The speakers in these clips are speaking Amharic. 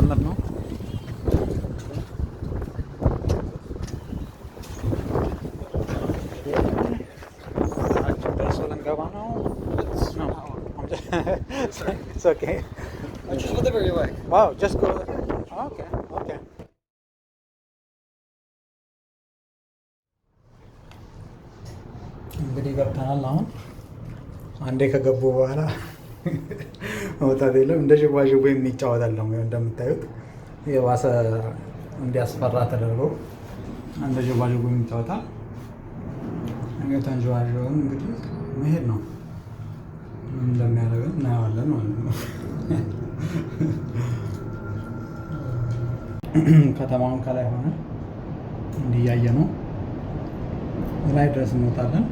വന്നിരുന്നു it's okay. I just whatever you like. Wow, just go. Oh, okay, okay. अंदर का खाना लाऊं अंडे का the वाला መውጣት የለም። እንደ ሽቧሽቦ የሚጫወታል ደግሞ እንደምታዩት የባሰ እንዲያስፈራ ተደርጎ እንደ ሽቧሽቦ የሚጫወታ ተንሸዋሸውን እንግዲህ መሄድ ነው። ምን እንደሚያደርገን እናየዋለን ማለት ነው። ከተማውን ከላይ ሆነ እንዲያየ ነው። ላይ ድረስ እንወጣለን።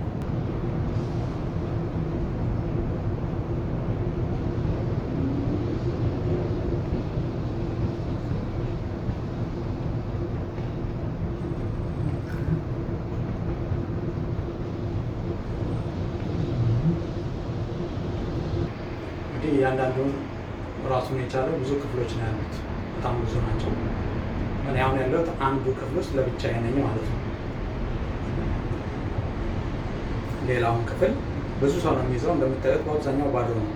ግን እያንዳንዱን ራሱን የቻለ ብዙ ክፍሎች ነው ያሉት፣ በጣም ብዙ ናቸው። እኔ አሁን ያለሁት አንዱ ክፍል ውስጥ ለብቻ ያነኝ ማለት ነው። ሌላውን ክፍል ብዙ ሰው ነው የሚይዘው። እንደምታዩት በአብዛኛው ባዶ ነው።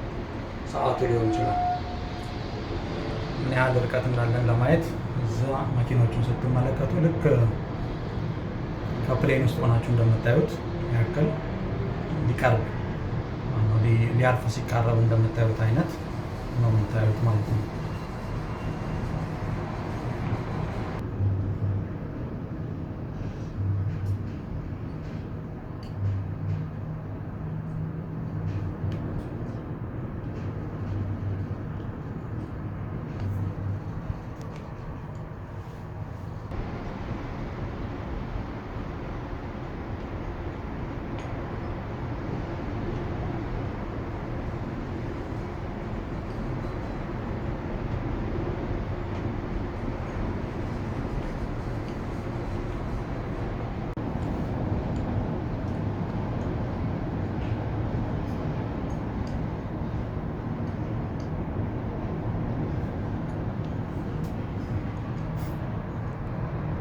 ሰዓቱ ሊሆን ይችላል። ምን ያህል ርቀት እንዳለን ለማየት እዛ መኪኖችን ስትመለከቱ ልክ ከፕሌን ውስጥ ሆናችሁ እንደምታዩት ያክል ሊቀርብ። ሊያርፍ ሲቃረብ እንደምታዩት አይነት ነው የምታዩት ማለት ነው።